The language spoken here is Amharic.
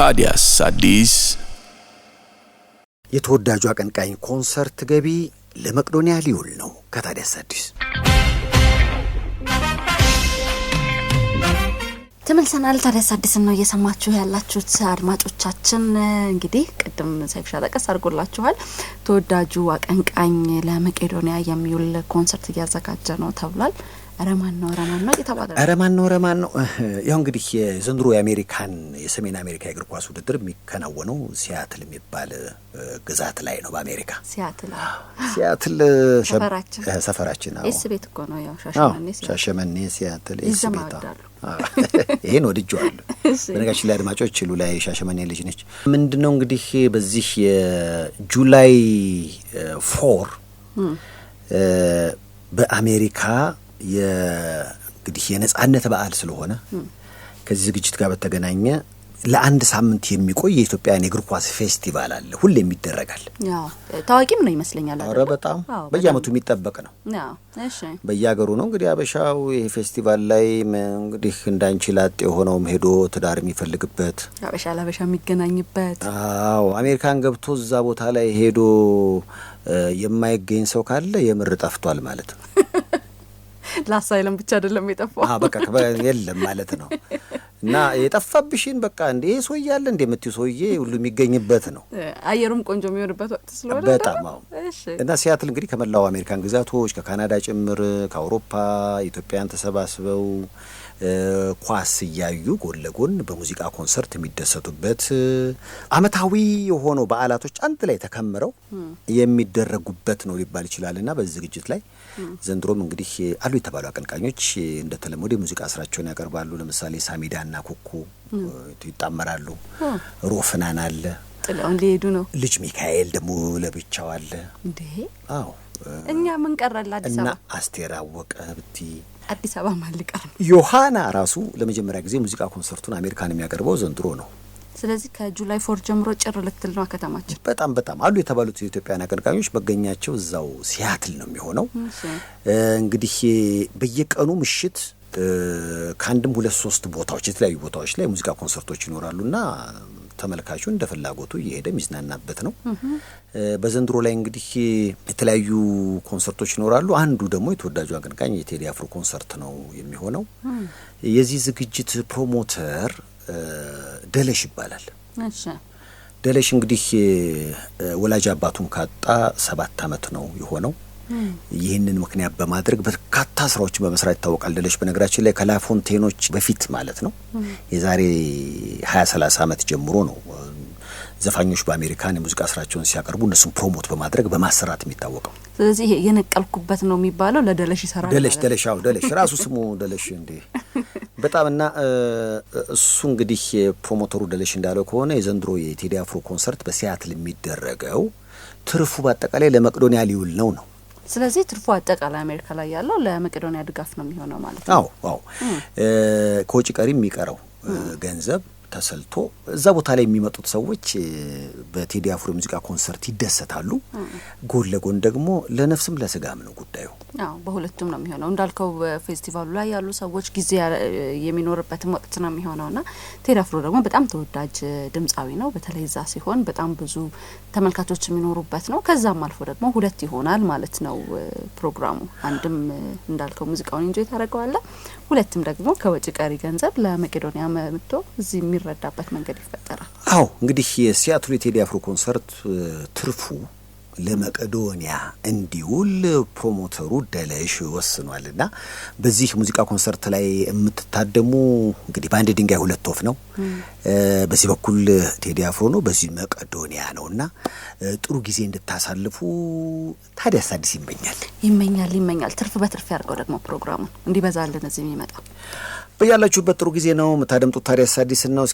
ታዲያስ አዲስ የተወዳጁ አቀንቃኝ ኮንሰርት ገቢ ለመቅዶኒያ ሊውል ነው። ከታዲያስ አዲስ ተመልሰናል። ታዲያስ አዲስን ነው እየሰማችሁ ያላችሁት አድማጮቻችን። እንግዲህ ቅድም ሰይፍሻ ጠቀስ አድርጎላችኋል። ተወዳጁ አቀንቃኝ ለመቄዶኒያ የሚውል ኮንሰርት እያዘጋጀ ነው ተብሏል። ረማን ነው ረማን ነው ረማን ነው ያው እንግዲህ የዘንድሮ የአሜሪካን የሰሜን አሜሪካ የእግር ኳስ ውድድር የሚከናወነው ሲያትል የሚባል ግዛት ላይ ነው በአሜሪካ ሲያትል ሲያትል ሰፈራችን ኤስ ቤት እኮ ነው ያው ሻሸመኔ ሲያትል ኤስ ቤት ይህን ወድጀዋል በነጋችን ላይ አድማጮች ሉ ላይ ሻሸመኔ ልጅ ነች። ምንድነው እንግዲህ በዚህ የጁላይ ፎር በአሜሪካ እንግዲህ የነጻነት በዓል ስለሆነ ከዚህ ዝግጅት ጋር በተገናኘ ለአንድ ሳምንት የሚቆይ የኢትዮጵያን የእግር ኳስ ፌስቲቫል አለ። ሁሌም ይደረጋል። ታዋቂም ነው ይመስለኛል። አረ በጣም በየአመቱ የሚጠበቅ ነው። በየሀገሩ ነው እንግዲህ አበሻው ይሄ ፌስቲቫል ላይ እንግዲህ እንዳንቺ ላጤ የሆነውም ሄዶ ትዳር የሚፈልግበት አበሻ ለአበሻ የሚገናኝበት። አዎ አሜሪካን ገብቶ እዛ ቦታ ላይ ሄዶ የማይገኝ ሰው ካለ የምር ጠፍቷል ማለት ነው። ለአሳይለም ብቻ አይደለም የጠፋው በቃ የለም ማለት ነው። እና የጠፋብሽን በቃ እንደ ይሄ ሰውዬ አለ እንደ የምትይው ሰውዬ ሁሉ የሚገኝበት ነው። አየሩም ቆንጆ የሚሆንበት ወቅት ስለሆነ በጣም አዎ። እና ሲያትል እንግዲህ ከመላው አሜሪካን ግዛቶች ከካናዳ ጭምር ከአውሮፓ ኢትዮጵያን ተሰባስበው ኳስ እያዩ ጎን ለጎን በሙዚቃ ኮንሰርት የሚደሰቱበት አመታዊ የሆኑ በዓላቶች አንድ ላይ ተከምረው የሚደረጉበት ነው ሊባል ይችላል እና በዚህ ዝግጅት ላይ ዘንድሮም እንግዲህ አሉ የተባሉ አቀንቃኞች እንደተለመዱ የሙዚቃ ስራቸውን ያቀርባሉ። ለምሳሌ ሳሚዳና ኩኩ ይጣመራሉ። ሮፍናን አለ። ጥለውን ሊሄዱ ነው። ልጅ ሚካኤል ደግሞ ለብቻው አለ። እንዴ! አዎ እኛ ምን ቀረላ አዲስ አበባ እና አስቴር አወቀ ብቲ አዲስ አበባ ማልቀር ነው። ዮሐና ራሱ ለመጀመሪያ ጊዜ ሙዚቃ ኮንሰርቱን አሜሪካን የሚያቀርበው ዘንድሮ ነው። ስለዚህ ከጁላይ ፎር ጀምሮ ጭር ልትል ነው ከተማችን። በጣም በጣም አሉ የተባሉት የኢትዮጵያን አቀንቃኞች መገኛቸው እዛው ሲያትል ነው የሚሆነው። እንግዲህ በየቀኑ ምሽት ከአንድም ሁለት ሶስት ቦታዎች የተለያዩ ቦታዎች ላይ ሙዚቃ ኮንሰርቶች ይኖራሉና ተመልካቹ እንደ ፍላጎቱ እየሄደ የሚዝናናበት ነው። በዘንድሮ ላይ እንግዲህ የተለያዩ ኮንሰርቶች ይኖራሉ። አንዱ ደግሞ የተወዳጁ አቀንቃኝ የቴዲ አፍሮ ኮንሰርት ነው የሚሆነው። የዚህ ዝግጅት ፕሮሞተር ደለሽ ይባላል። ደለሽ እንግዲህ ወላጅ አባቱን ካጣ ሰባት አመት ነው የሆነው። ይህንን ምክንያት በማድረግ በርካታ ስራዎችን በመስራት ይታወቃል። ድሎች በነገራችን ላይ ከላፎንቴኖች በፊት ማለት ነው። የዛሬ ሀያ ሰላሳ ዓመት ጀምሮ ነው ዘፋኞች በአሜሪካን የሙዚቃ ስራቸውን ሲያቀርቡ እነሱን ፕሮሞት በማድረግ በማሰራት የሚታወቀው። ስለዚህ የነቀልኩበት ነው የሚባለው ለደለሽ ይሰራል። ደለሽ ደለሽ ው ደለሽ ራሱ ስሙ ደለሽ እንዴ በጣም እና እሱ እንግዲህ ፕሮሞተሩ ደለሽ እንዳለው ከሆነ የዘንድሮ የቴዲ አፍሮ ኮንሰርት በሲያትል የሚደረገው ትርፉ በአጠቃላይ ለመቅዶኒያ ሊውል ነው ነው ስለዚህ ትርፉ አጠቃላይ አሜሪካ ላይ ያለው ለመቄዶንያ ድጋፍ ነው የሚሆነው ማለት ነው። አዎ አዎ፣ ከወጪ ቀሪ የሚቀረው ገንዘብ ተሰልቶ እዛ ቦታ ላይ የሚመጡት ሰዎች በቴዲ አፍሮ የሙዚቃ ኮንሰርት ይደሰታሉ። ጎን ለጎን ደግሞ ለነፍስም ለስጋም ነው ጉዳዩ። አዎ በሁለቱም ነው የሚሆነው እንዳልከው፣ በፌስቲቫሉ ላይ ያሉ ሰዎች ጊዜ የሚኖርበትም ወቅት ነው የሚሆነውና ቴዲ አፍሮ ደግሞ በጣም ተወዳጅ ድምፃዊ ነው። በተለይ እዛ ሲሆን በጣም ብዙ ተመልካቾች የሚኖሩበት ነው። ከዛም አልፎ ደግሞ ሁለት ይሆናል ማለት ነው ፕሮግራሙ። አንድም እንዳልከው ሙዚቃውን እንጆ ታደርገዋለህ፣ ሁለትም ደግሞ ከወጪ ቀሪ ገንዘብ ለመቄዶኒያ መጥቶ እዚህ የሚረዳበት መንገድ ይፈጠራል። አዎ እንግዲህ የሲያትሉ የቴዲ አፍሮ ኮንሰርት ትርፉ ለመቄዶንያ እንዲውል ፕሮሞተሩ ደለሽ ወስኗል ና በዚህ ሙዚቃ ኮንሰርት ላይ የምትታደሙ እንግዲህ በአንድ ድንጋይ ሁለት ወፍ ነው። በዚህ በኩል ቴዲ አፍሮ ነው፣ በዚህ መቄዶንያ ነው እና ጥሩ ጊዜ እንድታሳልፉ ታዲያ ሳዲስ ይመኛል ይመኛል ይመኛል። ትርፍ በትርፍ ያድርገው ደግሞ ፕሮግራሙን እንዲበዛልን እዚህ የሚመጣው በያላችሁበት ጥሩ ጊዜ ነው የምታደምጡት። ታዲያ ሳዲስ ነው።